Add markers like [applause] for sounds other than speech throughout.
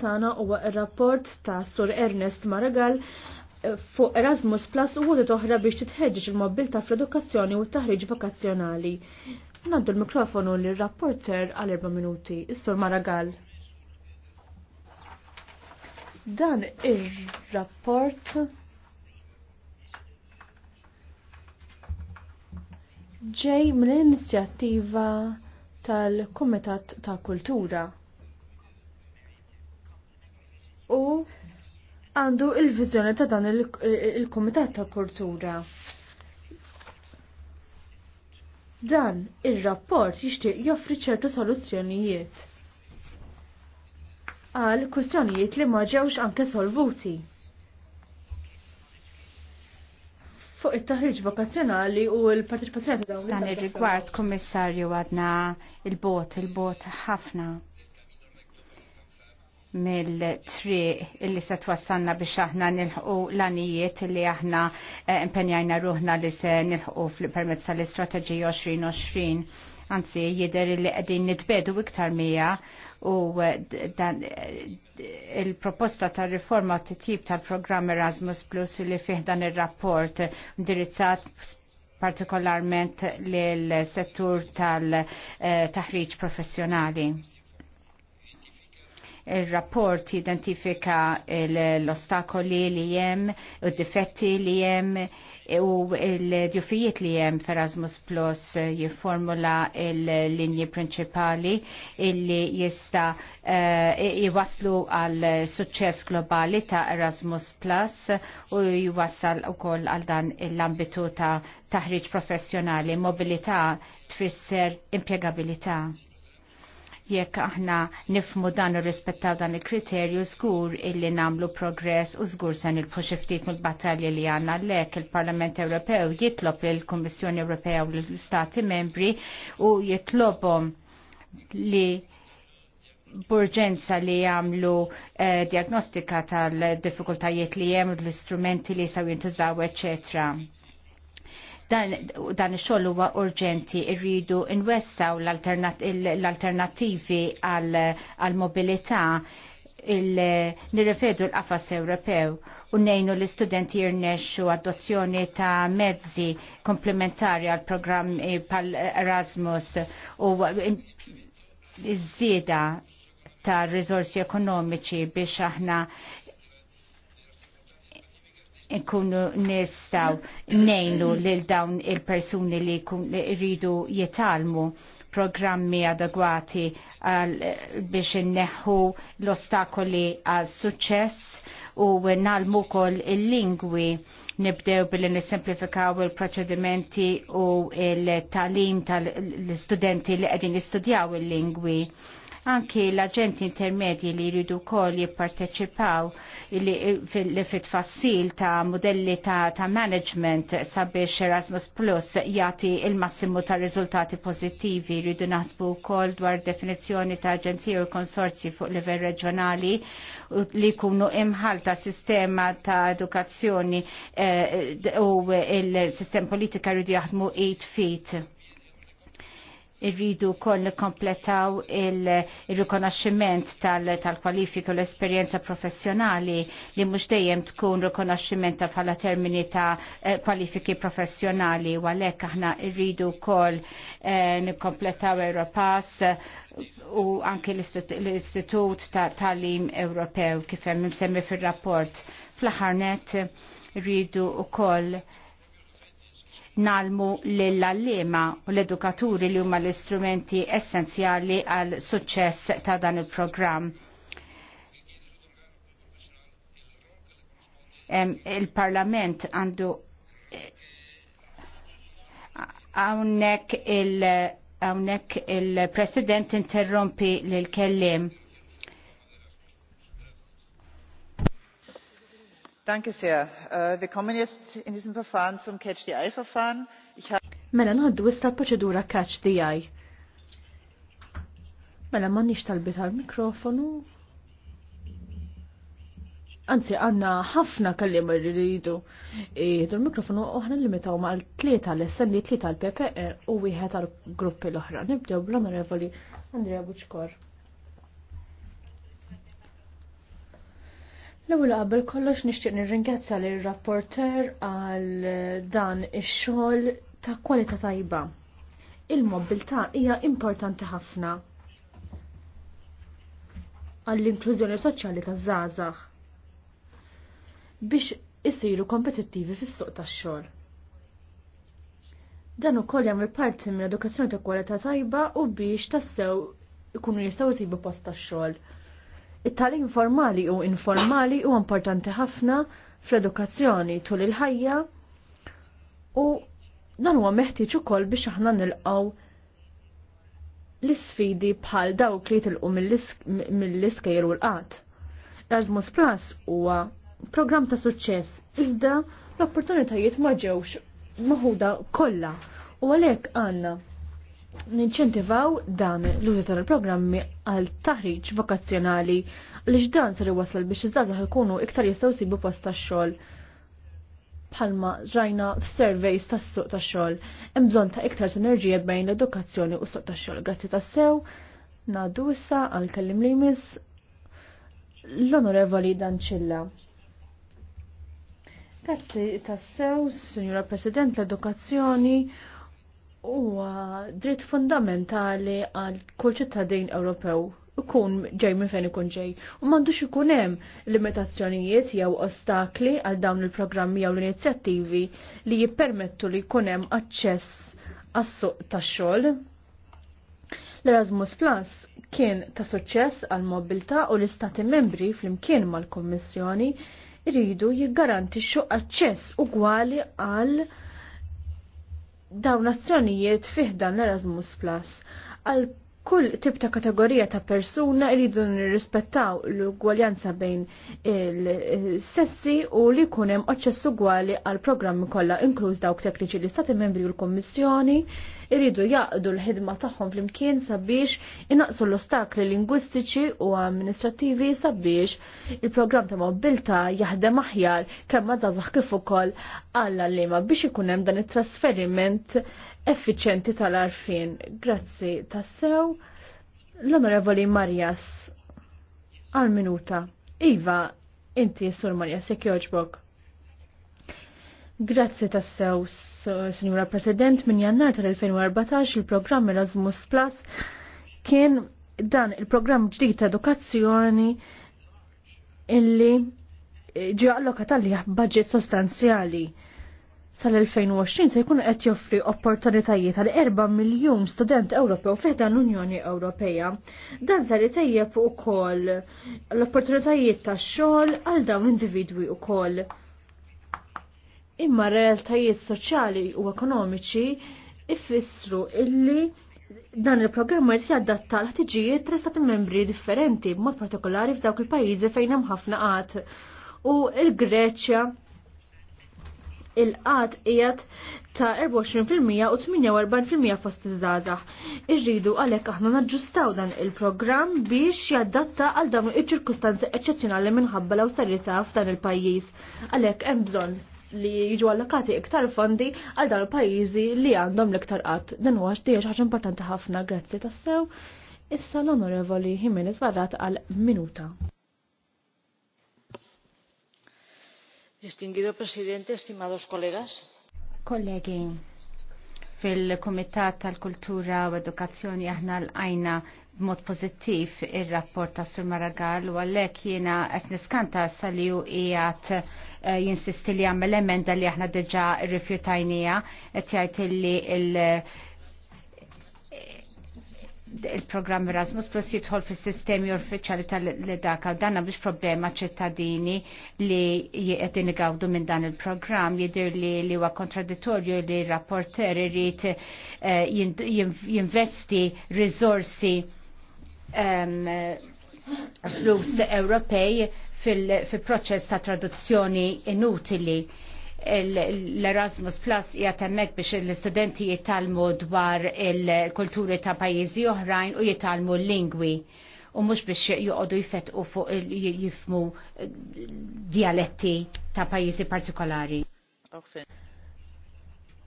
tana huwa ir-rapport ta' Sur Ernest Maragall eh, fuq Erasmus Plus u għodet oħra biex titħeġġeġ il-mobilta fl-edukazzjoni u t-taħriġ vokazzjonali. Naddu l-mikrofonu li rapporter għal erba' minuti, Sur Maragall. Dan ir-rapport ġej mill-inizjattiva tal-Komitat ta' Kultura u għandu il-vizjoni ta' dan il-Komitat ta' Kultura. Dan ir-rapport jixtieq joffri ċertu soluzzjonijiet għal kwistjonijiet li ma ġewx anke solvuti. fuq it-taħriġ vokazzjonali u l-partiċipazzjoni ta' dawn. Dan ir-rigward, Kummissarju, għadna il-bot, il-bot ħafna mill-triq illi se twassalna biex aħna nilħu l-anijiet li aħna eh, impenjajna ruħna li se nilħu fl permezz tal-istrateġija 2020. Anzi, jider li qegħdin nitbedu iktar mija u eh, eh, il-proposta tal riforma t-tip tal-programm Erasmus Plus li fih dan il-rapport indirizzat partikolarment l-settur tal-taħriġ professjonali Il-rapport jidentifika l-ostakoli li jem, u difetti li jem, u l-djufijiet li jem f'Erasmus Plus jiformula l-linji principali illi jista eh, jiwaslu għal suċċess globali ta' Erasmus Plus u jwassal u koll għal dan l-ambitu ta' taħriġ professjonali, mobilità tfisser impiegabilita'. Jekk aħna nifmu dan u rispettaw dan il-kriterju żgur illi namlu progress u żgur sen il poċiftit ftit mill-battalji li għanna l-ek il-Parlament Ewropew jitlob il kummissjoni Ewropea u l-Stati membri u jitlobhom li burġenza li jamlu eh, diagnostika tal-difikultajiet li jemlu l-istrumenti li saw jintużaw, eccetera Dan ix-xogħol huwa urġenti rridu nwessaw l-alternattivi għal-mobilità nirrifedu l-qafas Ewropew u nejnu l-istudenti jirnexu adozzjoni ta' mezzi komplementari għal programmi eh, pal Erasmus u iż-żieda ta' risorsi ekonomiċi biex aħna nkunu nistaw nejnu lil dawn il-persuni li rridu jitalmu programmi adegwati biex inneħu l-ostakoli għal suċċess u nalmu kol il-lingwi nibdew billi nisimplifikaw il-proċedimenti u il-talim tal-studenti li għedin istudjaw il lingwi Anki l-aġenti intermedji li jridu kol jipparteċipaw fil-tfassil ta' modelli ta', ta management sabiex Erasmus Plus jati il-massimu ta' riżultati pozittivi jridu naħsbu kol dwar definizjoni ta' aġenzija u konsorzji fuq livell reġjonali li kunu imħalta sistema ta' edukazzjoni eh, u il-sistem politika jridu jaħdmu 8 feet irridu koll kompletaw il-rikonoxximent tal kwalifiku u l-esperienza professjonali li mhux dejjem tkun rikonoxximent bħala termini ta' eh, kwalifiki professjonali u għalhekk aħna irridu koll eh, nikkompletaw Europass u anke l-Istitut ta' Talim Ewropew kif hemm fil fir-rapport. Fl-aħħar net u koll nalmu l-allima u l-edukaturi li huma l-istrumenti essenzjali għal suċċess ta' dan il-programm. Il-Parlament għandu għawnek il-President interrompi l-kellim. Danke äh, in Catch the Eye Mela ngħaddu issa l-proċedura Catch the Eye. Mela ma nix talbit għal-mikrofonu. Anzi, għanna ħafna kalli ma rridu. E, Idu l-mikrofonu uħna limitaw ma l-tlieta l-essendi, tlieta l-PPE u wieħed għal-gruppi l-oħra. Nibdew bl-onorevoli Andrea Buċkor. L-ewwel qabel kollox nixtieq nirringrazzja lir rapporter għal dan ix-xogħol ta' kwalità tajba. Il-mobilità hija importanti ħafna għall-inklużjoni soċjali taż-żgħażagħ biex isiru kompetittivi fis-suq tax-xogħol. Dan ukoll jagħmel parti mill edukazzjoni ta' kwalità tajba u biex tassew ikunu jistgħu jsibu post tax-xogħol it-tagħlim formali u informali u importanti ħafna fl-edukazzjoni tul il-ħajja u dan huwa meħtieġ ukoll biex aħna nilqgħu l-isfidi bħal dawk li tilqu mill-iskejjer u l-qat. Erasmus Plus huwa programm ta' suċċess iżda l-opportunitajiet ma ġewx maħuda kollha u għalhekk għandna ninċentivaw dan l-użu tal-programmi għal taħriġ vokazzjonali li ġdan ser wasal biex iż-żgħażagħ ikunu iktar jistgħu sibu post tax-xogħol bħalma ġajna f'surveys tas-suq tax-xogħol. Hemm bżonn ta' iktar sinerġija bejn l-edukazzjoni u s-suq tax-xogħol. Grazzi tas-sew ngħaddu issa għal kellim li jmiss l-Onorevoli Danċilla. Grazzi tas-sew, Sinjura President, l-edukazzjoni huwa dritt fundamentali għal kull ċittadin Ewropew ikun ġej minn fejn ikun ġej. U m'għandux ikun hemm limitazzjonijiet jew ostakli għal dawn il-programmi jew l-inizjattivi li jippermettu li jkun hemm aċċess għas-suq tax-xogħol. L-Erasmus Plus kien ta' suċċess għal mobilta u l-Istati membri flimkien mal-Kommissjoni iridu jiggarantixxu aċċess ugwali għal dawn azzjonijiet fih dan l-Erasmus Plus għal kull tip ta' kategorija ta' persuna jridu nirrispettaw l-ugwaljanza bejn il-sessi u li kunem oċċess ugwali għal programmi kollha inkluż dawk tekniċi li stati membri u l-Kommissjoni iridu jaqdu l-ħidma tagħhom flimkien sabiex inaqsu l-ostakli lingwistiċi u amministrativi sabiex il-programm ta' mobilta jaħdem aħjar kemm ma' kif ukoll għall lima biex ikun hemm dan it-trasferiment effiċenti tal-arfin. Grazzi tassew. L-Onorevoli Marjas għal-minuta. Iva, inti sur Marjas, jek joġbok. Grazzi tassew, Signora President, minn jannar tal-2014 il-programm Erasmus Plus kien dan il-programm ġdid ta' edukazzjoni illi ġi allokat għalih budget sostanzjali sal-2020 se jkunu qed joffri opportunitajiet għal 4 miljun student Ewropew fiħdan l-Unjoni Ewropea. Dan se jtejjeb ukoll l-opportunitajiet tax-xogħol għal dawn individwi wkoll. Imma realtajiet soċjali u ekonomiċi ifissru illi dan il programm qed jadatta l-ħtiġijiet tra stati membri differenti b'mod partikolari f'dawk il-pajjiżi fejn hemm ħafna qatt. U l-Greċja il-qat qiegħed ta' 24% u 48% fost iż-żgħażagħ. Irridu għalhekk aħna naġġustaw dan il-programm biex jadatta għal dawn iċ-ċirkustanzi eċċezzjonali minħabba l-awsterità f'dan il-pajjiż. Għalhekk hemm bżonn li jiġu allokati iktar fondi għal dawn il-pajjiżi li għandhom l-iktar qatt. Dan huwa xdiex ħaġa importanti ħafna, grazzi tassew. Issa l-Onorevoli Jimenez Barrat għal minuta. Distinguido Presidente, estimados colegas. Kollegi, fil-Komitat tal-Kultura u Edukazzjoni aħna l-għajna b'mod pozittiv il-rapport ta' Sur Maragall u għallek jiena qed niskanta sali u qiegħed eh, jinsisti li għamel emenda li aħna diġà rrifjutajnija qed jgħid li l- il-programm Erasmus Plus jidħol fis sistemi uffiċjali tal-daka danna biex problema ċittadini li jgħedin inigawdu minn dan il-programm jidir li li huwa kontradittorju li rapporter irid eh, jinvesti risorsi ehm, flus Ewropej fil-proċess ta' traduzzjoni inutili l-Erasmus Plus jatemmek biex l-studenti jitalmu dwar il-kulturi ta' pajizi oħrajn u jitalmu l-lingwi u mux biex juqodu jifetqu fuq jifmu eh, dialetti ta' pajizi partikolari.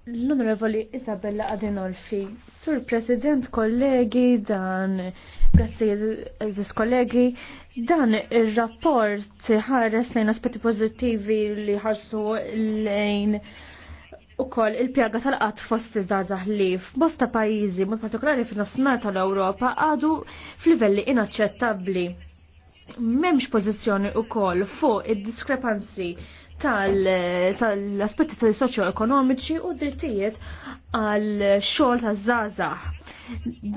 L-Onorevoli Isabella Adinolfi, Sur President, kollegi, dan, grazzi eżis kollegi, dan il-rapport ħares lejn aspetti pozittivi li ħarsu lejn u koll il-pjaga tal-qat fost iż-żazah li f'bosta pajizi, mod partikolari fin tal-Ewropa, għadu f'livelli inaċċettabbli. M'hemmx pożizzjoni u koll fuq id-diskrepanzi tal-aspetti tal soċjo-ekonomiċi u drittijiet għal xogħol ta' żgħażagħ.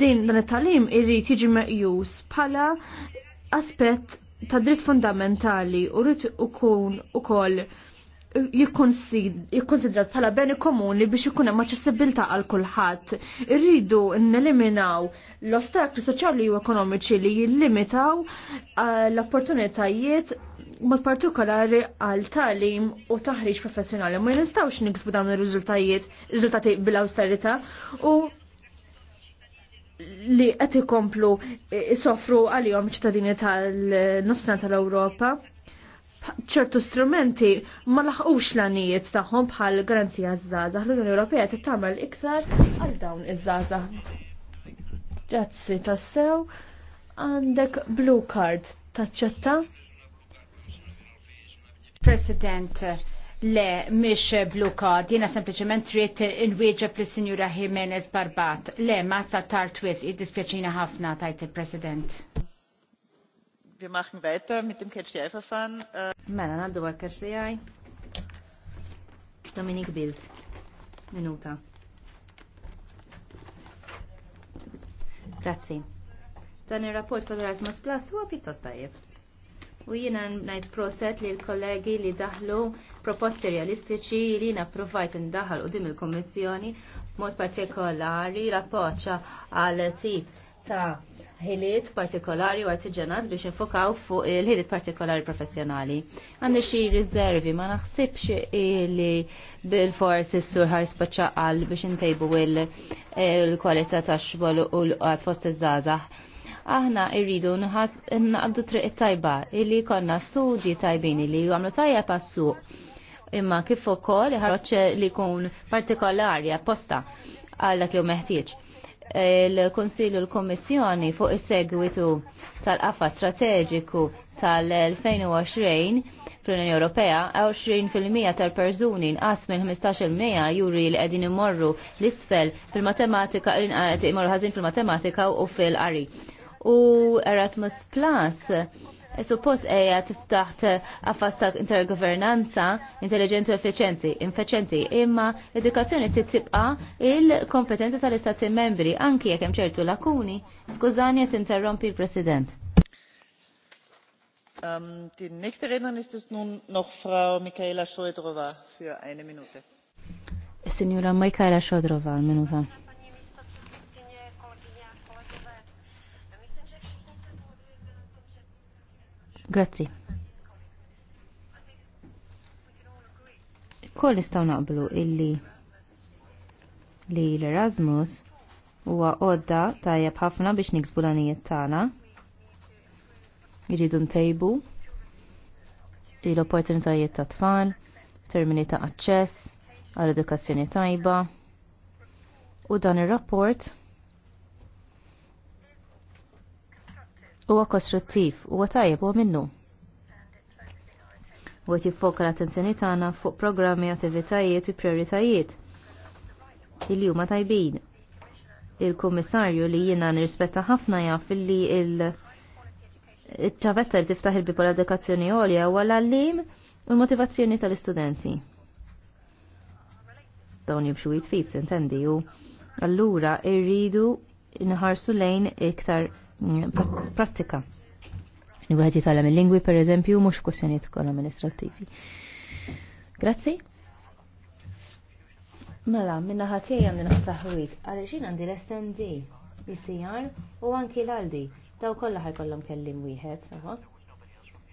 Din dan it-talim irrid jiġi meqjus bħala aspett ta' dritt fundamentali u rrid ukun ukoll jikkonsidrat bħala beni komuni biex ikun hemm aċċessibilità għal kulħadd. Irridu neliminaw l-ostakli soċjali u ekonomiċi li jillimitaw eh, l-opportunitajiet mod partikolari għal talim u taħriġ professjonali. Ma nistgħux niksbu dawn ir-riżultajiet, riżultati bil-austerità u li qed ikomplu eh, soffru għalihom ċittadini tal-nofsinhar tal-Ewropa. tal nofsinhar tal ewropa ċertu strumenti ma laħqux l-anijiet tagħhom bħal garanzija żgħażagħ. L-Unjoni Ewropea t tagħmel iktar għal dawn iż-żgħażagħ. Grazzi tassew. Għandek blue card taċċetta? President, Le, mish blue card, jena sempliciment trid inwieġeb li sinjura Jimenez Barbat. Le, ma sa tar twiz, id ħafna tajt il-President. Wir machen weiter mit dem Catch-the-Eye-Verfahren. Äh, mela, naddu għal Catch-the-Eye. Dominik Bild. Minuta. Grazzi. Dan il-rapport fuq Erasmus Plus huwa pjuttost tajjeb. U jiena ngħid proset li l-kollegi li daħlu proposti realistiċi li jiena provajt indaħal dim il-Kummissjoni mod partikolari l-appoċċa għal tip ta' ħiliet partikolari u artiġanat biex infokaw fuq il-ħiliet partikolari professjonali. Għandi xi riservi ma naħsibx li bil-fors is-sur ħares paċċaqal biex intejbu il-kwalità tax-xogħol u l għad fost iż-żgħażagħ. Aħna irridu naqbdu triq it-tajba illi konna studji tajbin li għamlu tajja passu imma kif ukoll ħaroċ li jkun partikolari apposta għal dak li hu meħtieġ il-Konsilju l-Kommissjoni fuq is-segwitu tal-qafa strateġiku tal-2020 fl-Unjoni Ewropea, 20% tal-perżuni nqas minn 15% juri li qegħdin imorru l-isfel fil-matematika imorru ħażin fil-matematika u fil-qari. U Erasmus Plus Suppost eja tiftaħ għafas ta' intergovernanza intelligenti u effiċenti, imma edukazzjoni tibqa il-kompetenza tal-istati membri, anki jekk hemm ċertu lakuni. Skużani jett interrompi l-President. Ehm, die nächste Rednerin ist es nun noch Frau Michaela Schodrova für eine Minute. Signora Michaela Schodrova, minuta. Grazzi. Koll istaw naqblu illi li l-Erasmus huwa għodda tajjeb ħafna biex niksbu l-għanijiet tagħna. Iridu ntejbu l-opportunitajiet ta' tfal, termini ta' aċċess għal edukazzjoni tajba. U dan ir-rapport huwa kostruttiv, huwa tajjeb huwa minnu. U qed jiffoka l-attenzjoni tagħna fuq programmi, attivitajiet u prioritajiet li huma tajbin. Il-kummissarju li jiena nirrispetta ħafna jaf li il- ċavetta li tiftaħ il l edukazzjoni għolja huwa l-għallim u l-motivazzjoni tal-istudenti. Dawn jibxu jitfit, intendi, u allura irridu nħarsu lejn iktar pratika. Nigħed jitalem il-lingwi per eżempju mhux kwestjonijiet ukoll amministrattivi. Grazzi. Mela, minna ħatija għandi naħtaħwit, għaliex għandi l-SND, il-CR u anki l-Aldi. Daw kollha ħajkollhom kellim wieħed,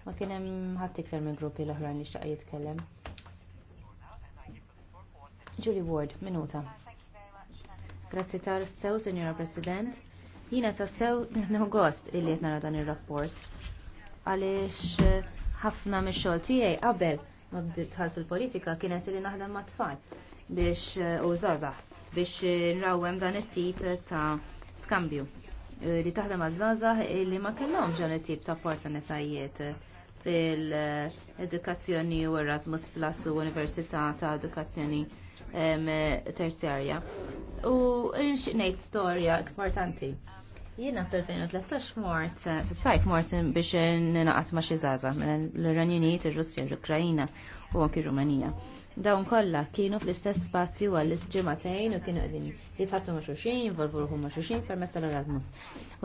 Ma kien hemm ħadd iktar minn gruppi l-oħrajn li xtaq jitkellem. Julie Ward, minuta. Grazzi tar sew, Signora President. Jina tassew [laughs] neħnu gost illi jtnara dan il-rapport. Għalix eh, ħafna mis-xogħol tiegħi qabel ma bditħal fil-politika kienet illi naħdem ma' tfal biex eh, u zazax biex eh, nrawem dan it-tip ta' skambju li taħdem għal zazax li ma kellom dan il tip ta' opportunitajiet fil-edukazzjoni u Erasmus Plus u Università ta' Edukazzjoni terzjarja. U nxinejt storja importanti Jiena fl-2013 mort, fil-sajt mort biex naqat ma' xi zaza mela l-Iran Unit, ir-Russja, l-Ukrajina u anki Rumanija dawn kollha kienu fl-istess spazju għall ġimagħtejn u kienu għedin jitħattu ma' xulxin, jinvolvu ruħhom ma' xulxin permezz tal-Erasmus.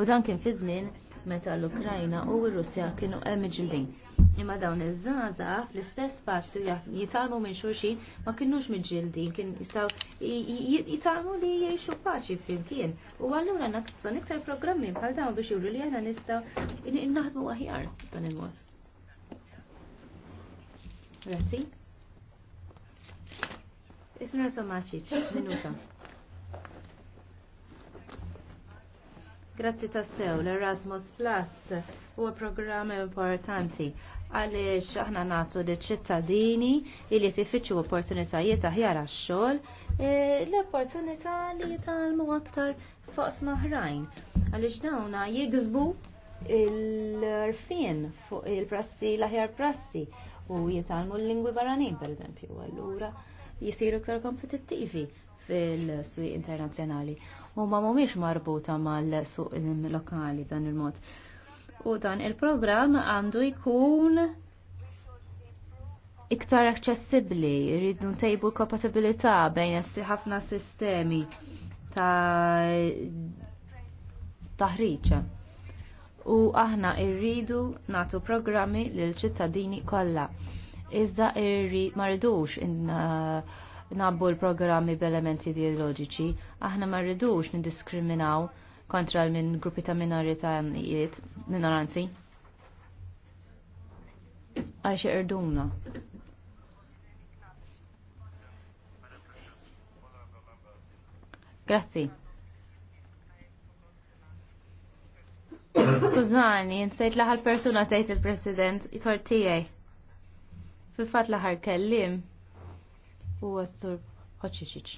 U dan kien fi żmien meta l-Ukrajna u r-Russja kienu hemm ġildin. Imma dawn iż żaza fl-istess spazju jitalmu minn xulxin ma kienux minn ġildin, kien jistaw jitalmu li jiexu paċi fil-kien. U għallura naqs iktar programmi bħal dawn biex juru li aħna nistaw naħdmu għahjar dan il-mod. Grazie. Isnur Tomacic, minuta. Grazzi tassew, l-Erasmus Plus huwa programm importanti għaliex aħna nagħtu li ċittadini li tifittxu opportunitajiet aħjar għax-xogħol e, l-opportunità li jitalmu aktar fuq maħrajn għaliex dawna jigżbu l rfien fuq il-prassi l-aħjar prassi u jitalmu l-lingwi barranin per eżempju allura jisiru iktar kompetittivi fil-suq internazzjonali. U ma mumiex marbuta mal-suq lokali dan il-mod. U dan il-programm għandu jkun iktar aċċessibbli, rridu ntejbu kompatibilità bejn ħafna sistemi ta' taħriċa. U aħna irridu natu programmi lil ċittadini kollha iżda irri ma rridux uh, nabbu l-programmi b'elementi ideoloġiċi, aħna ma rridux nindiskriminaw kontra minn gruppi ta' minoritajiet minoranzi. Għax irduna. Grazzi. Skużani, nsejt laħal persuna tajt il-president, it tortijaj Fil-fat laħar kellim u għassur l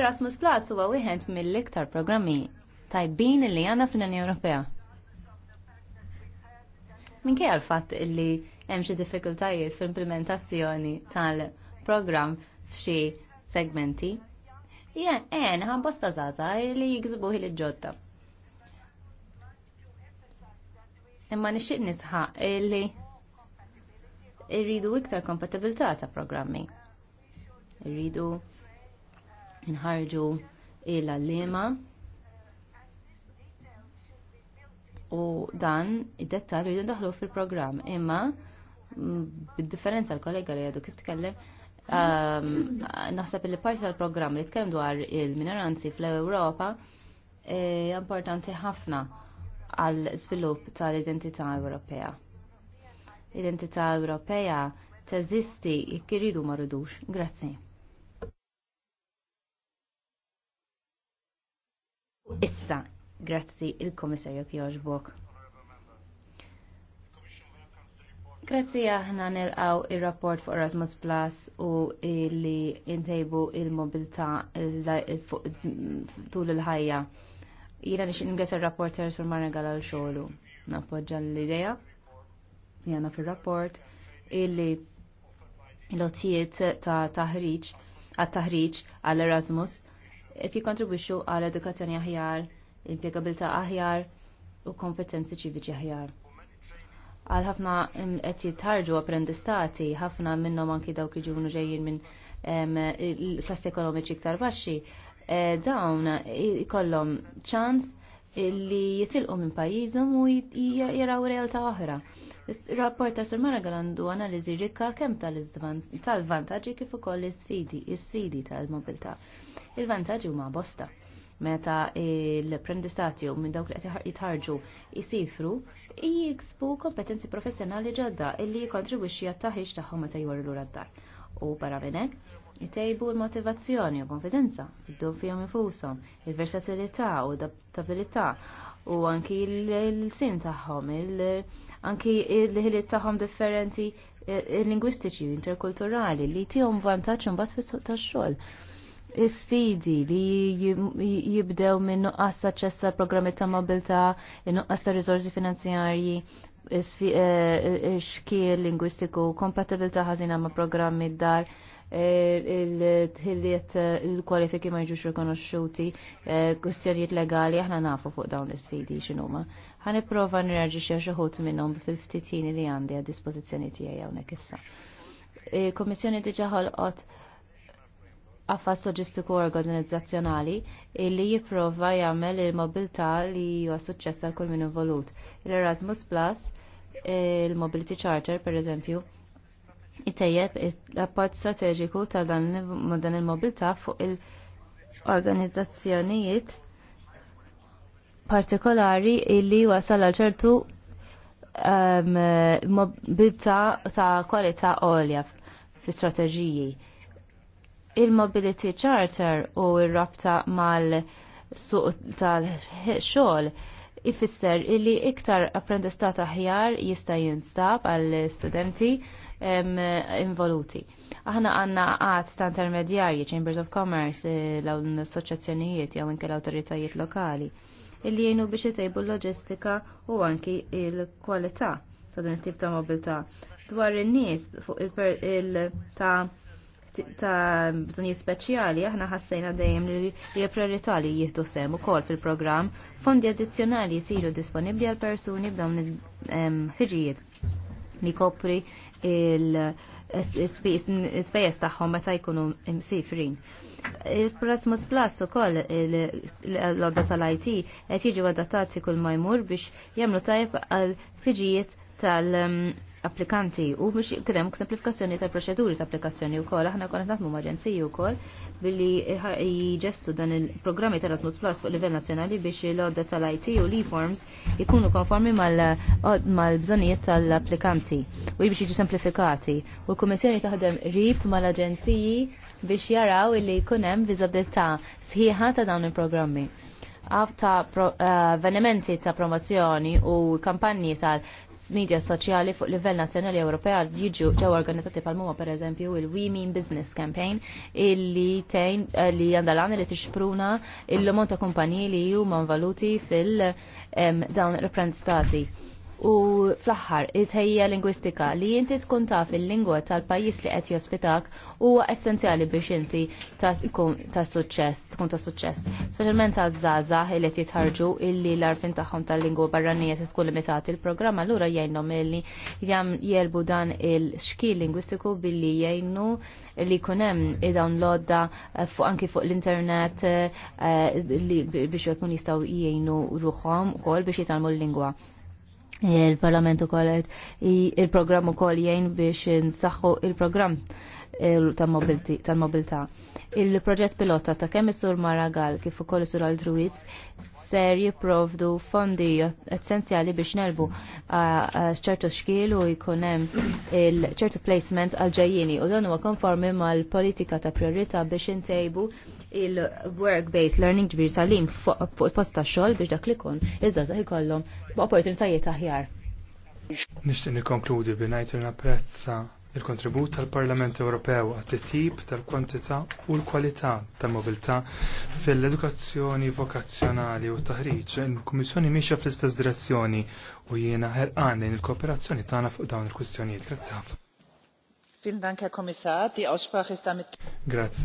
Erasmus Plus huwa wieħed mill-iktar programmi tajbin li għana fl-Unjoni Ewropea. Minkejja l-fatt li hemm xi difficultajiet fl-implementazzjoni tal-programm f'xi segmenti, Jen, en, għan bosta zaza li jgżbu il ġodda. Imma nixtieq nisħaq li irridu iktar kompatibilità ta' programmi. Irridu nħarġu il-għallima u dan id-dettal rridu daħlu fil-programm imma bid-differenza l-kollega li għadu kif tkellem Um, naħseb li parti tal-programm li tkellem dwar il-minoranzi fl-Ewropa e, importanti ħafna għal svilupp tal-identità Ewropea. Identità Ewropea teżisti iridu ma rridux. Grazzi. Issa, grazzi il-Komissarju Kjoġbok. Grazzi aħna nilqaw il-rapport fuq Erasmus Plus u li intejbu il-mobilta tul il-ħajja. Jina nix ingress il-rapporter sur Marnegal għal xogħlu. Nappoġġa l-ideja jana fil-rapport illi l-otijiet ta' taħriġ għat-taħriġ għal Erasmus qed jikkontribwixxu għal edukazzjoni aħjar, impjegabilità aħjar u kompetenzi ċiviċi aħjar għal ħafna qed jitħarġu apprendistati, ħafna minnhom anki dawk iġunu ġejjin minn klassi ekonomiċi iktar baxxi, eh, dawn ikollhom ċans li jitilqu minn pajjiżhom u jaraw realtà oħra. Rapport ta' Sir Maragall għandu analiżi rikka kemm tal-vantaġġi kif ukoll l is-sfidi tal-mobilità. Il-vantaġġi huma bosta meta l-apprendistati u minn dawk li qed jitħarġu jisifru jiksbu kompetenzi professjonali ġodda illi jikontribwixxi għat-taħriġ tagħhom meta jwar lura d-dar. U barra minn hekk, jtejbu l-motivazzjoni u konfidenza fid-dum fihom infushom, il-versatilità u adattabilità u anki l-sin tagħhom, anki l-ħiliet tagħhom differenti eh, eh, lingwistiċi interkulturali li tihom vantaġġ imbagħad fis-suq tax-xogħol sfidi li jibdew minn nuqqas ċessa programmi ta' mobilta, nuqqas ta' rizorsi finanzjarji, eh, xkiel lingwistiku, kompatibilta ħazina ma' programmi d-dar, eh, il-tħilliet il-kwalifiki ma jġux rikonosċuti, eh, kustjonijiet legali, aħna nafu fuq dawn l-sfidi xinuma. Ħaniprofa nirraġi xie xoħut minnom fil-ftitini li għandi għad dispozizjoni tijaj għawnek issa. Il-Komissjoni diġa ħolqot Affas soġistiku organizzazzjonali illi jipprova jagħmel il-mobilità li huwa suċċess għal kull min involut. L-Erasmus Plus, il-Mobility Charter per eżempju, itejjeb l-appoġġ strateġiku ta' dan il-mobilità fuq il-organizzazzjonijiet partikolari illi wasal għal ċertu ehm, mobilità ta' kwalità għolja fi strateġiji il-Mobility Charter u r-rabta mal-suq tal-xogħol ifisser illi iktar apprendistat aħjar jista' jinstab għal studenti involuti. Aħna għanna għad ta' intermedjarji, Chambers of Commerce, eh, l-assoċazzjonijiet jew inke l-autoritajiet lokali, illi jgħinu biex jtejbu l-loġistika u anki il-kwalità ta' din tip ta' mobilità. Dwar in-nies fuq il-ta' ta' bżonijiet speċjali aħna ħassejna dejjem li hija priorità li jieħdu sem ukoll fil-programm fondi addizzjonali jsiru disponibbli għal persuni b'dawn il-ħiġijiet li kopri il-spejjeż tagħhom meta jkunu msifrin. il prasmus Plus u koll l għodda tal-IT għet jiġu adattati kull ma jmur biex jamlu tajb għal fiġijiet tal-applikanti u biex krem semplifikazzjoni tal-proċeduri ta' applikazzjoni u kol, aħna konna naħdmu maġenziji u kol billi jġestu dan il-programmi ta' Erasmus Plus fuq livell nazzjonali biex l-odda tal-IT u l-e-forms ikunu konformi mal-bżonijiet tal-applikanti u biex jiġu semplifikati. U l-Kummissjoni taħdem rib mal-aġenziji biex jaraw illi hemm viżabilità sħiħa ta' dawn il-programmi għaf ta' eh, avvenimenti ta' promozzjoni u kampanji tal medja soċjali fuq livell nazzjonali Ewropea jiġu ġew organizzati pal muma pereżempju il-We Mean Business Campaign illi tejn li għandalana li tixpruna il-lomon ta' kumpaniji li huma valuti fil-dawn rappresentati u fl-aħħar it-ħejja lingwistika li inti tkun taf il-lingwa tal-pajjiż li qed jospitak huwa essenzjali biex inti ta' suċċess, tkun ta' suċċess. Speċjalment għaż żaża li qed jitħarġu illi l-arfin tagħhom tal-lingwa barranija se tkun limitat il-programm allura jgħinhom illi jelbu dan il-xkil lingwistiku billi jgħinu li jkun hemm downloada eh, fuq anki fuq l-internet eh, biex jkun jistgħu jgħinu ruħhom ukoll biex jitalmu l-lingwa il-Parlament ukoll il-programm ukoll jgħin biex nsaħħu il-programm eh, tal-mobilità. Il-proġett pilota ta' kemm is-sur Maragall kif ukoll is-sur Aldruiz ser jipprovdu fondi essenzjali biex nelbu ċertu xkielu u jkun hemm ċertu placement għal ġejjini u dan huwa konformi mal-politika ta' priorità biex intejbu il-work-based learning ġbir tal-lim fuq il-post ta' xogħol biex dak li kun iż-żgħażagħ ikollhom opportunitajiet aħjar. Nixtieq nikkonkludi bi ngħid napprezza Il-kontribut tal-Parlament Ewropew għat tip tal-kwantità u l-kwalità tal-mobilità fil-edukazzjoni vokazzjonali u taħriġ. Il-Kummissjoni miexja fl-istess direzzjoni u jiena ħerqan lejn il-kooperazzjoni tagħna fuq dawn il-kwistjonijiet. Grazie Vielen Dank, Herr Kommissar. Die Aussprache ist damit. Grazie.